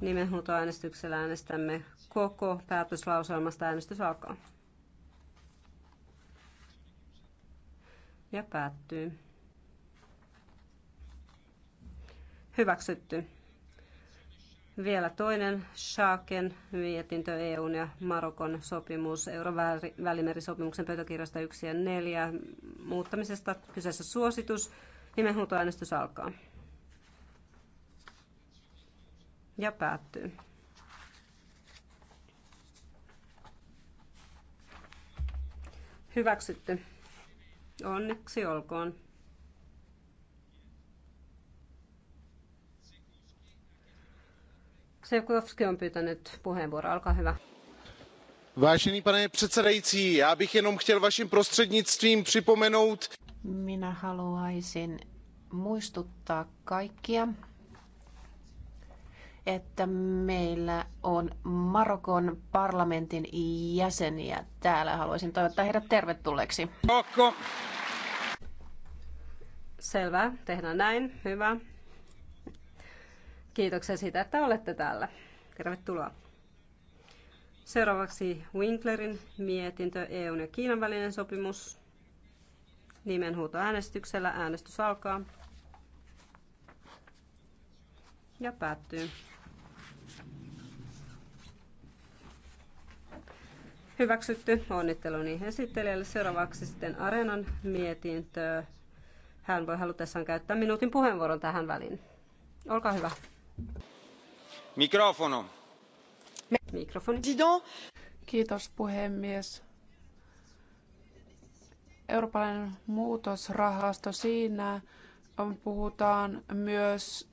[SPEAKER 1] Nimenhuutoäänestyksellä äänestämme koko päätöslauselmasta äänestys alkaa. Ja päättyy. Hyväksytty. Vielä toinen Schaaken mietintö EUn ja Marokon sopimus Eurovälimerisopimuksen pöytäkirjasta 1 ja 4 muuttamisesta. Kyseessä suositus. Nimenhuutoäänestys alkaa. Ja päättyy. Hyväksytty. Onneksi olkoon. Sejkovski on pyytänyt puheenvuoroa. Olkaa hyvä.
[SPEAKER 3] Vážený pane předsedající,
[SPEAKER 1] já bych jenom chtěl vaším prostřednictvím připomenout.
[SPEAKER 3] Minä haluaisin muistuttaa kaikkia, että meillä on Marokon parlamentin jäseniä täällä. Haluaisin toivottaa heidät tervetulleeksi. Kokko. Selvä,
[SPEAKER 1] tehdään näin. Hyvä. Kiitoksia siitä, että olette täällä. Tervetuloa. Seuraavaksi Winklerin mietintö EUn ja Kiinan välinen sopimus. Nimenhuuto äänestyksellä. Äänestys alkaa. Ja päättyy. Hyväksytty. Onnitteluni esittelijälle. Seuraavaksi sitten Areenan mietintö. Hän voi halutessaan käyttää minuutin puheenvuoron tähän väliin. Olkaa hyvä
[SPEAKER 3] arvoisa
[SPEAKER 2] Mikrofoni. puhemies. Euroopan muutosrahasto siinä puhutaan myös,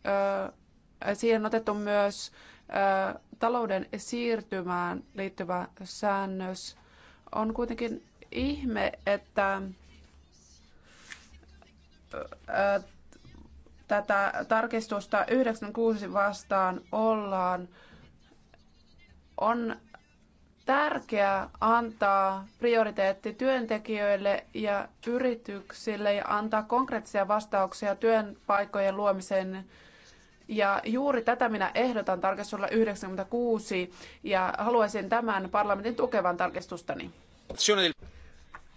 [SPEAKER 2] siihen on otettu myös talouden siirtymään liittyvä säännös. On kuitenkin ihme, että tätä tarkistusta 96 vastaan ollaan. On tärkeää antaa prioriteetti työntekijöille ja yrityksille ja antaa konkreettisia vastauksia työpaikkojen luomiseen. Ja juuri tätä minä ehdotan tarkistuksella 96 ja haluaisin tämän parlamentin tukevan tarkistustani.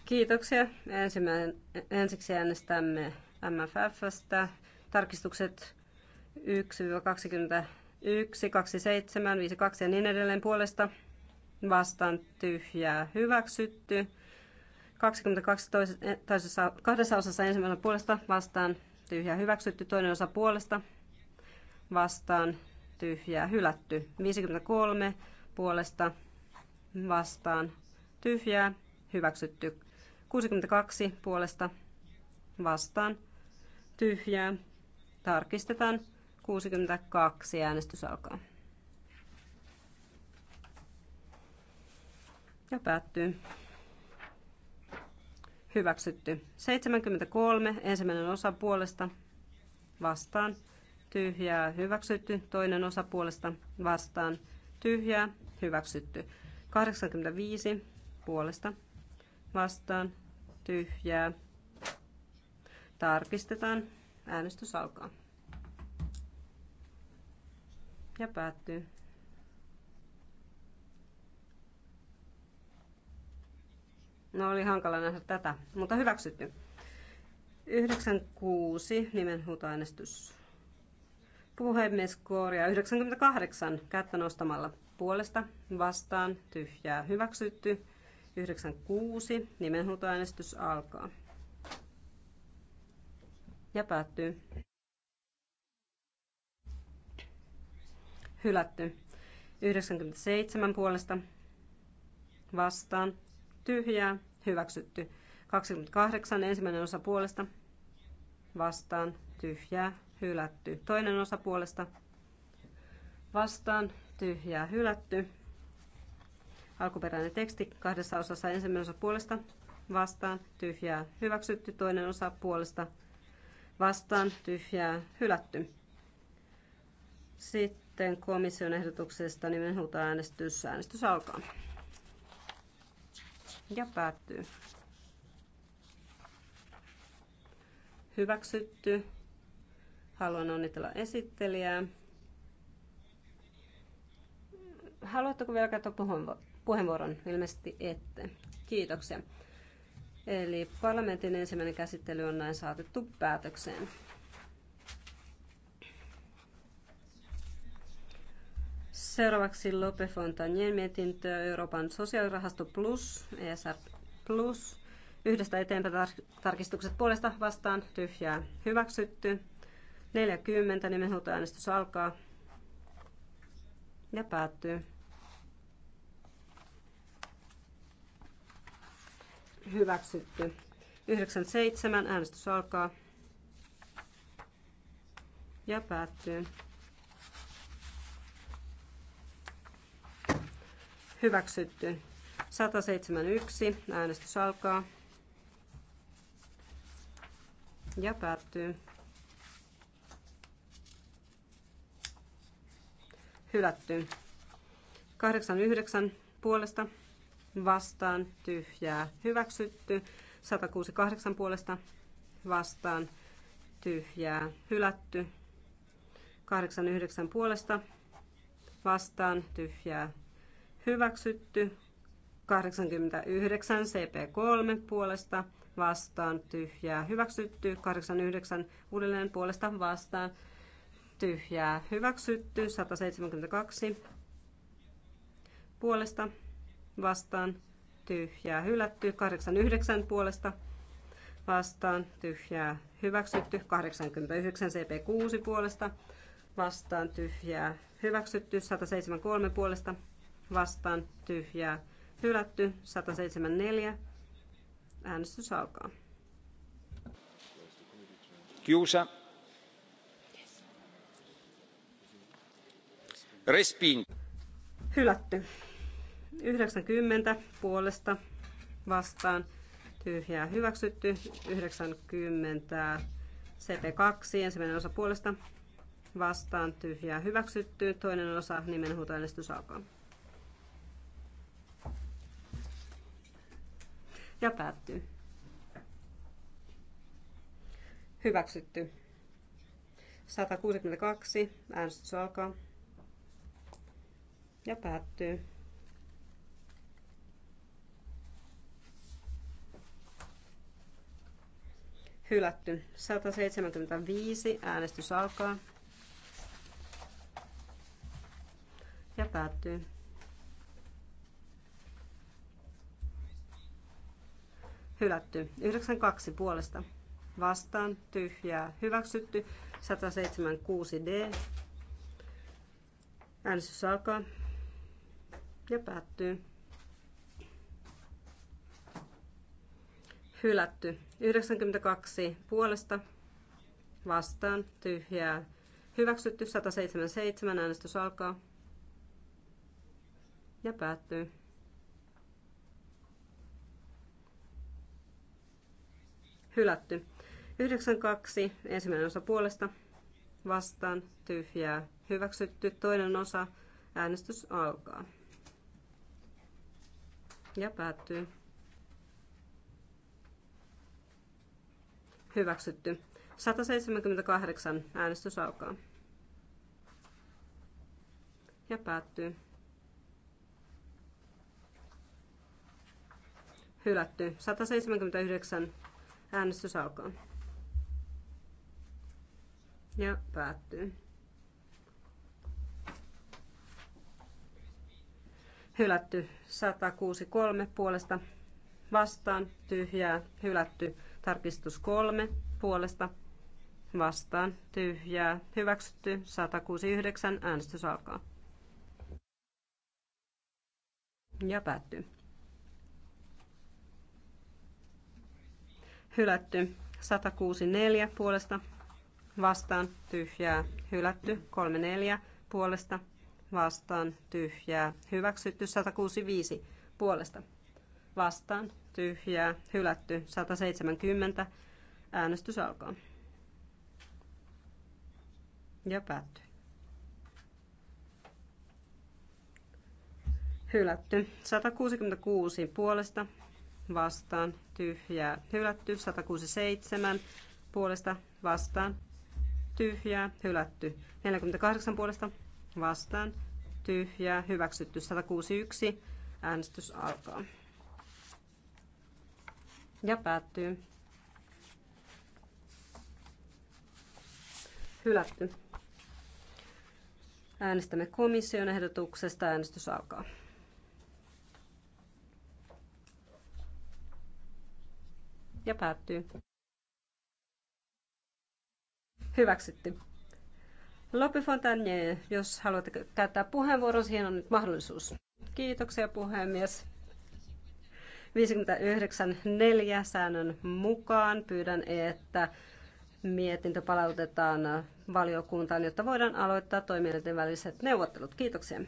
[SPEAKER 1] Kiitoksia. Ensimmäinen, ensiksi äänestämme MFFstä Tarkistukset 1-21, 27, 52 ja niin edelleen puolesta vastaan tyhjää hyväksytty. 22 e- toisessa, kahdessa osassa ensimmäinen puolesta vastaan tyhjää hyväksytty, toinen osa puolesta vastaan tyhjää hylätty. 53 puolesta vastaan tyhjää hyväksytty. 62 puolesta vastaan tyhjää Tarkistetaan. 62. Äänestys alkaa. Ja päättyy. Hyväksytty. 73. Ensimmäinen osa puolesta vastaan. Tyhjää. Hyväksytty. Toinen osa puolesta vastaan. Tyhjää. Hyväksytty. 85. Puolesta vastaan. Tyhjää. Tarkistetaan. Äänestys alkaa. Ja päättyy. No oli hankala nähdä tätä, mutta hyväksytty. 96 nimenhuutoäänestys. Puhemies Kooria 98 kättä nostamalla puolesta vastaan tyhjää hyväksytty. 96 nimenhuutoäänestys alkaa ja päättyy. Hylätty. 97 puolesta vastaan. Tyhjää. Hyväksytty. 28 ensimmäinen osa puolesta vastaan. Tyhjää. Hylätty. Toinen osa puolesta vastaan. Tyhjää. Hylätty. Alkuperäinen teksti kahdessa osassa ensimmäinen osa puolesta vastaan. Tyhjää. Hyväksytty. Toinen osa puolesta vastaan vastaan tyhjää hylätty. Sitten komission ehdotuksesta nimenhuuta äänestys. Äänestys alkaa. Ja päättyy. Hyväksytty. Haluan onnitella esittelijää. Haluatteko vielä käyttää puheenvuoron? Ilmeisesti ette. Kiitoksia. Eli parlamentin ensimmäinen käsittely on näin saatettu päätökseen. Seuraavaksi Lope Fontanien mietintö Euroopan sosiaalirahasto Plus, ESR Plus. Yhdestä eteenpäin tarkistukset puolesta vastaan tyhjää hyväksytty. 40 nimenhuutoäänestys alkaa ja päättyy. hyväksytty. 97 äänestys alkaa ja päättyy. Hyväksytty. 171 äänestys alkaa ja päättyy. Hylätty. 89 puolesta vastaan tyhjää hyväksytty. 168 puolesta vastaan tyhjää hylätty. 89 puolesta vastaan tyhjää hyväksytty. 89 CP3 puolesta vastaan tyhjää hyväksytty. 89 uudelleen puolesta vastaan tyhjää hyväksytty. 172 puolesta vastaan tyhjää hylätty, 89 puolesta vastaan tyhjää hyväksytty, 89 CP6 puolesta vastaan tyhjää hyväksytty, 173 puolesta vastaan tyhjää hylätty, 174 äänestys alkaa.
[SPEAKER 3] kiusa respin
[SPEAKER 1] Hylätty. 90 puolesta vastaan tyhjää hyväksytty. 90 CP2 ensimmäinen osa puolesta vastaan tyhjää hyväksytty. Toinen osa nimenhuutoäänestys alkaa. Ja päättyy. Hyväksytty. 162. Äänestys alkaa. Ja päättyy. hylätty. 175 äänestys alkaa ja päättyy. Hylätty. 92 puolesta vastaan tyhjää hyväksytty. 176D. Äänestys alkaa ja päättyy. hylätty. 92 puolesta vastaan tyhjää. Hyväksytty 177 äänestys alkaa ja päättyy. Hylätty. 92 ensimmäinen osa puolesta vastaan tyhjää. Hyväksytty toinen osa. Äänestys alkaa ja päättyy. hyväksytty. 178 äänestys alkaa. Ja päättyy. Hylätty. 179 äänestys alkaa. Ja päättyy. Hylätty 163 puolesta vastaan tyhjää, hylätty Tarkistus kolme puolesta vastaan tyhjää hyväksytty 169 äänestys alkaa. Ja päättyy. Hylätty 164 puolesta vastaan tyhjää hylätty 34 puolesta vastaan tyhjää hyväksytty 165 puolesta vastaan tyhjää hylätty 170. Äänestys alkaa. Ja päättyy. Hylätty 166 puolesta vastaan tyhjää hylätty 167 puolesta vastaan tyhjää hylätty 48 puolesta vastaan tyhjää hyväksytty 161 äänestys alkaa ja päättyy. Hylätty. Äänestämme komission ehdotuksesta. Äänestys alkaa. Ja päättyy. Hyväksytty. Lopi Fontanier, jos haluatte käyttää puheenvuoron, siihen on nyt mahdollisuus. Kiitoksia puhemies. 59.4 säännön mukaan pyydän, että mietintö palautetaan valiokuntaan, jotta voidaan aloittaa toimielinten väliset neuvottelut. Kiitoksia.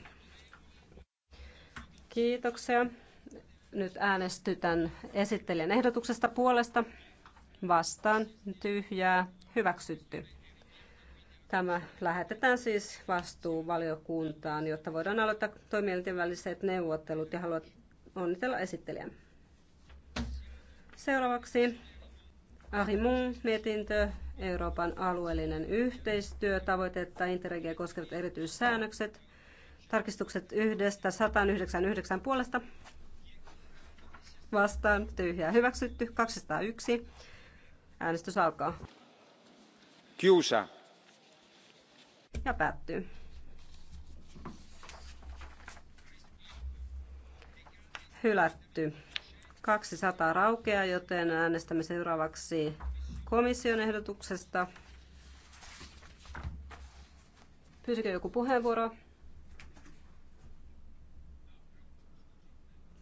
[SPEAKER 1] Kiitoksia. Nyt äänestytän esittelijän ehdotuksesta puolesta. Vastaan tyhjää. Hyväksytty. Tämä lähetetään siis vastuuvaliokuntaan, jotta voidaan aloittaa toimielinten väliset neuvottelut ja haluan onnitella esittelijän. Seuraavaksi Ahimon mietintö Euroopan alueellinen yhteistyö, tavoitetta Interregia koskevat erityissäännökset, tarkistukset yhdestä 199 puolesta, vastaan tyhjää hyväksytty 201. Äänestys alkaa. Kiusa. Ja päättyy. Hylätty. 200 raukeaa, joten äänestämme seuraavaksi komission ehdotuksesta. Pyysikö joku puheenvuoro?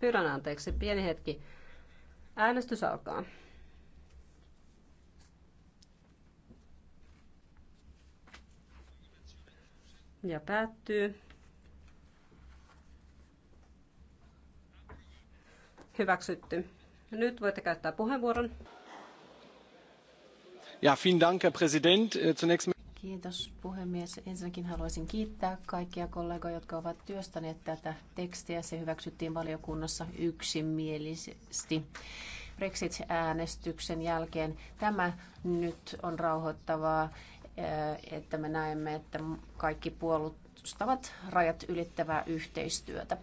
[SPEAKER 1] Pyydän anteeksi, pieni hetki. Äänestys alkaa. Ja päättyy. Hyväksytty. Nyt voitte käyttää puheenvuoron.
[SPEAKER 3] Ja, vielen Dank, Herr Präsident. Äh, zunächst Kiitos puhemies. Ensinnäkin haluaisin kiittää kaikkia kollegoja, jotka ovat työstäneet tätä tekstiä. Se hyväksyttiin valiokunnassa yksimielisesti. Brexit-äänestyksen jälkeen tämä nyt on rauhoittavaa, äh, että me näemme, että kaikki puolustavat rajat ylittävää yhteistyötä.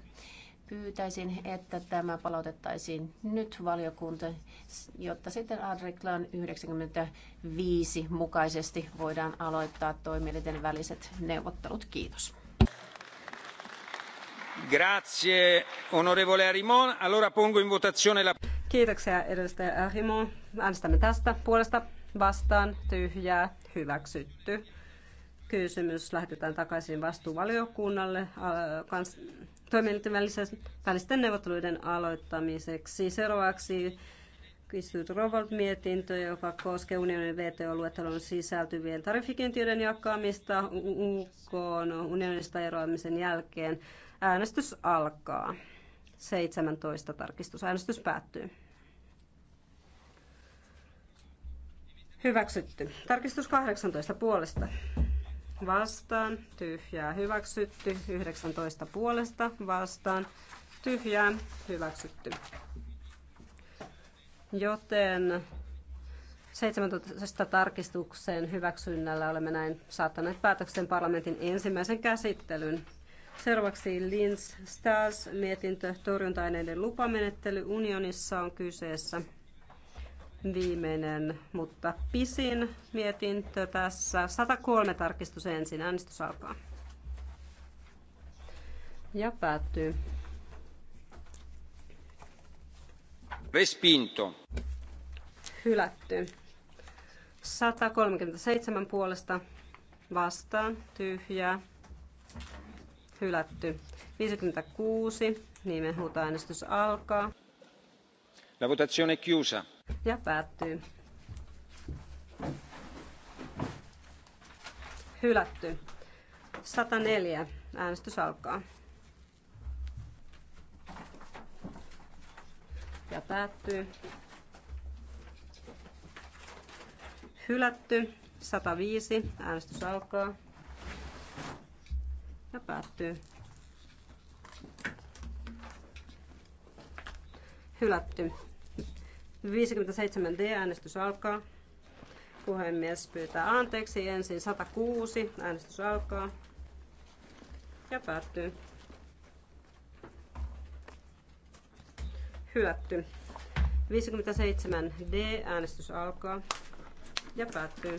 [SPEAKER 3] Pyytäisin, että tämä palautettaisiin nyt valiokunta, jotta sitten artiklan 95 mukaisesti voidaan aloittaa toimielinten väliset neuvottelut. Kiitos. Grazie, onorevole Arimon. Allora pongo in votazione la... Kiitoksia
[SPEAKER 1] edustaja Arimon. Äänestämme tästä puolesta vastaan, tyhjää, hyväksytty. Kysymys lähetetään takaisin vastuuvaliokunnalle. Äh, kans, toimielinten välisten neuvotteluiden aloittamiseksi. Seuraavaksi kysyt Rovolt mietintö, joka koskee unionin VTO-luettelon sisältyvien tariffikentioiden jakamista UK unionista eroamisen jälkeen. Äänestys alkaa. 17 tarkistus. Äänestys päättyy. Hyväksytty. Tarkistus 18 puolesta vastaan, tyhjää hyväksytty, 19 puolesta vastaan, tyhjää hyväksytty. Joten 17 tarkistukseen hyväksynnällä olemme näin saattaneet päätöksen parlamentin ensimmäisen käsittelyn. Seuraavaksi Lins Stas mietintö torjunta-aineiden lupamenettely unionissa on kyseessä viimeinen, mutta pisin mietintö tässä. 103 tarkistus ensin. Äänestys alkaa. Ja päättyy.
[SPEAKER 3] Respinto.
[SPEAKER 1] Hylätty. 137 puolesta vastaan. Tyhjää. Hylätty. 56. Nimenhuutoäänestys alkaa.
[SPEAKER 3] La votazione è chiusa
[SPEAKER 1] ja päättyy. Hylätty. 104. Äänestys alkaa. Ja päättyy. Hylätty. 105. Äänestys alkaa. Ja päättyy. Hylätty. 57D äänestys alkaa. Puhemies pyytää anteeksi. Ensin 106 äänestys alkaa. Ja päättyy. Hylätty. 57D äänestys alkaa. Ja päättyy.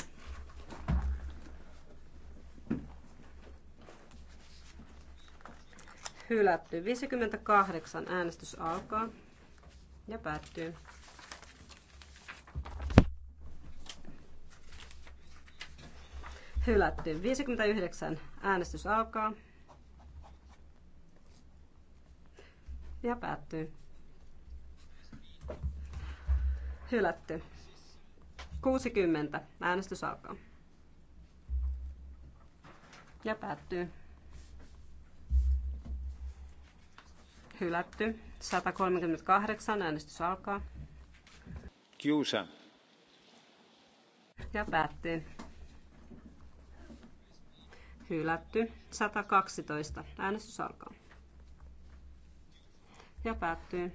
[SPEAKER 1] Hylätty. 58 äänestys alkaa. Ja päättyy. hylätty. 59 äänestys alkaa. Ja päättyy. Hylätty. 60 äänestys alkaa. Ja päättyy. Hylätty. 138 äänestys alkaa. Kiusa. Ja päättyy hylätty. 112. Äänestys alkaa. Ja päättyy.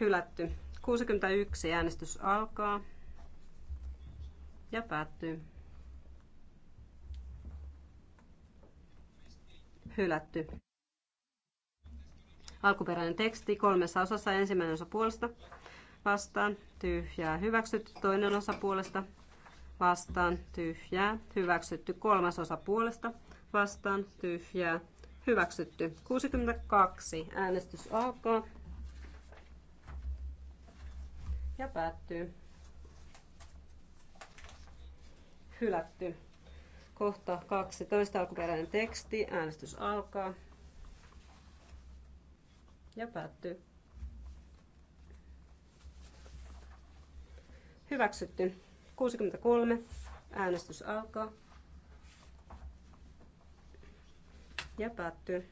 [SPEAKER 1] Hylätty. 61. Äänestys alkaa. Ja päättyy. Hylätty. Alkuperäinen teksti kolmessa osassa ensimmäinen osa puolesta vastaan, tyhjää hyväksytty toinen osa puolesta vastaan tyhjää, hyväksytty kolmas osa puolesta, vastaan tyhjää, hyväksytty 62, äänestys alkaa ja päättyy, hylätty. Kohta 12 alkuperäinen teksti, äänestys alkaa ja päättyy. Hyväksytty. 63. Äänestys alkaa. Ja päättyy.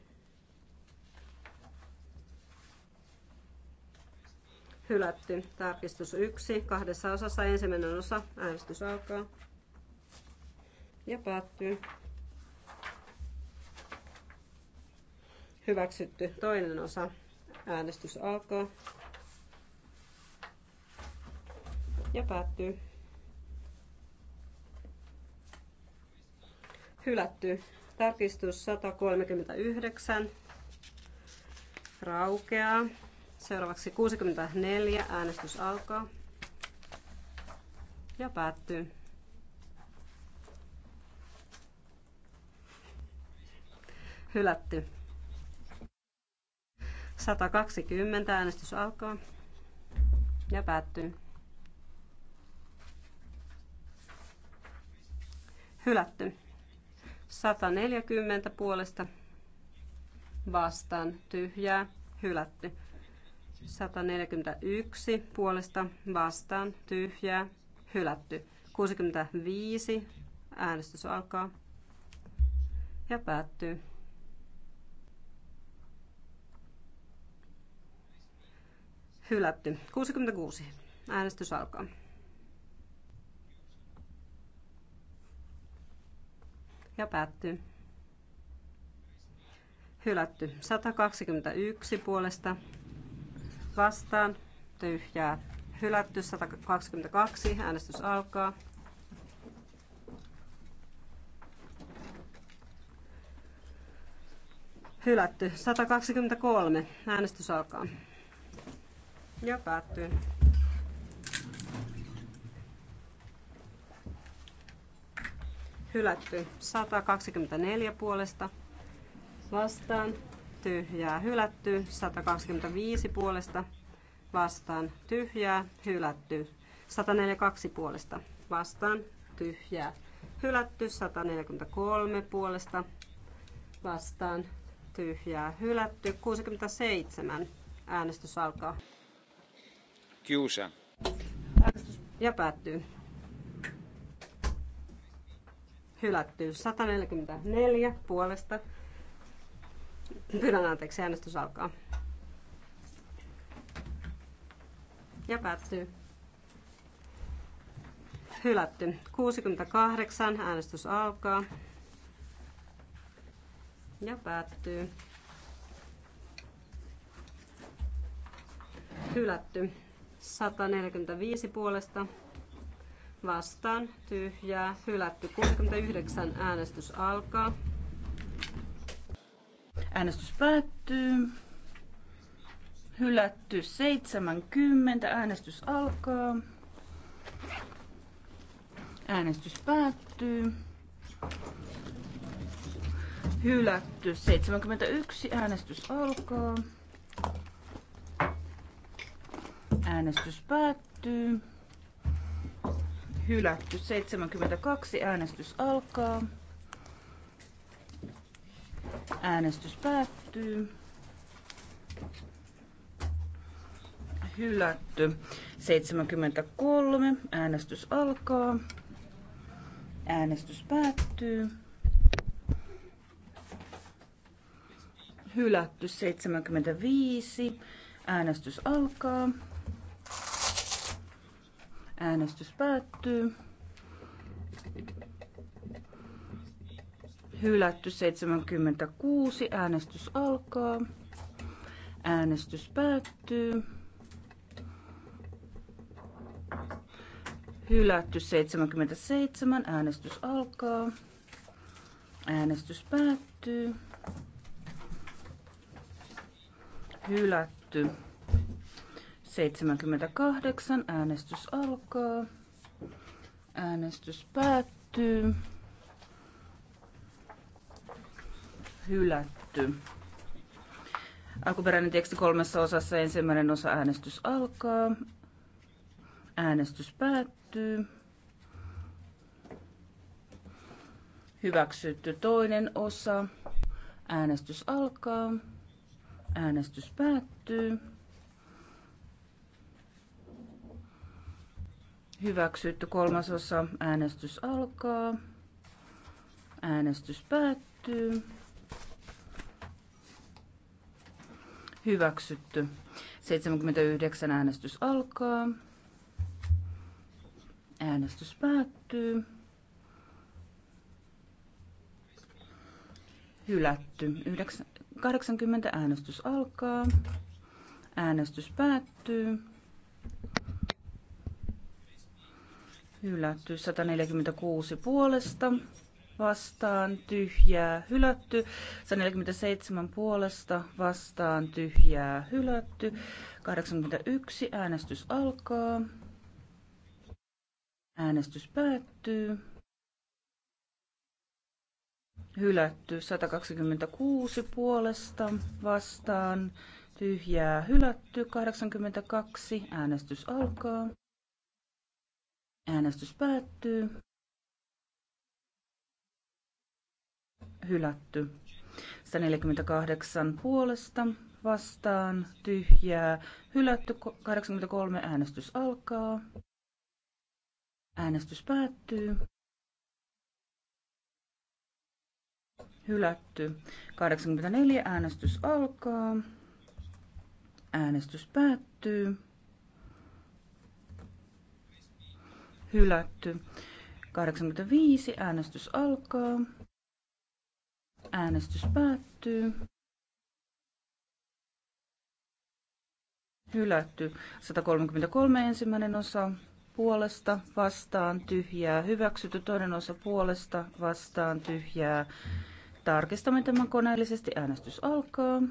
[SPEAKER 1] Hylätty. Tarkistus 1. Kahdessa osassa ensimmäinen osa. Äänestys alkaa. Ja päättyy. Hyväksytty. Toinen osa. Äänestys alkaa. Ja päättyy. hylätty. Tarkistus 139 raukeaa. Seuraavaksi 64 äänestys alkaa ja päättyy. Hylätty. 120 äänestys alkaa ja päättyy. Hylätty. 140 puolesta vastaan tyhjää, hylätty. 141 puolesta vastaan tyhjää, hylätty. 65 äänestys alkaa ja päättyy. Hylätty. 66 äänestys alkaa. ja päättyy. Hylätty. 121 puolesta vastaan tyhjää. Hylätty 122. Äänestys alkaa. Hylätty 123. Äänestys alkaa. Ja päättyy. hylätty 124 puolesta vastaan tyhjää hylätty 125 puolesta vastaan tyhjää hylätty 142 puolesta vastaan tyhjää hylätty 143 puolesta vastaan tyhjää hylätty 67 äänestys alkaa. Kiusa. Ja päättyy hylätty. 144 puolesta. Pyydän anteeksi, äänestys alkaa. Ja päättyy. Hylätty. 68, äänestys alkaa. Ja päättyy. Hylätty. 145 puolesta vastaan tyhjää hylätty. 39 äänestys
[SPEAKER 4] alkaa. Äänestys päättyy. Hylätty 70. Äänestys alkaa. Äänestys päättyy. Hylätty 71. Äänestys alkaa. Äänestys päättyy hylätty. 72 äänestys alkaa. Äänestys päättyy. Hylätty. 73 äänestys alkaa. Äänestys päättyy. Hylätty 75. Äänestys alkaa. Äänestys päättyy. Hylätty 76. Äänestys alkaa. Äänestys päättyy. Hylätty 77. Äänestys alkaa. Äänestys päättyy. Hylätty 78. Äänestys alkaa. Äänestys päättyy. Hylätty. Alkuperäinen teksti kolmessa osassa. Ensimmäinen osa äänestys alkaa. Äänestys päättyy. Hyväksytty toinen osa. Äänestys alkaa. Äänestys päättyy. Hyväksytty kolmasosa. Äänestys alkaa. Äänestys päättyy. Hyväksytty. 79 äänestys alkaa. Äänestys päättyy. Hylätty. 80 äänestys alkaa. Äänestys päättyy. hylätty. 146 puolesta vastaan tyhjää hylätty. 147 puolesta vastaan tyhjää hylätty. 81 äänestys alkaa. Äänestys päättyy. Hylätty 126 puolesta vastaan. Tyhjää hylätty 82. Äänestys alkaa. Äänestys päättyy. Hylätty. 148 puolesta vastaan tyhjää. Hylätty 83 äänestys alkaa. Äänestys päättyy. Hylätty. 84 äänestys alkaa. Äänestys päättyy. hylätty. 85 äänestys alkaa. Äänestys päättyy. Hylätty. 133 ensimmäinen osa puolesta vastaan tyhjää. Hyväksytty toinen osa puolesta vastaan tyhjää. Tarkistamme tämän koneellisesti. Äänestys alkaa.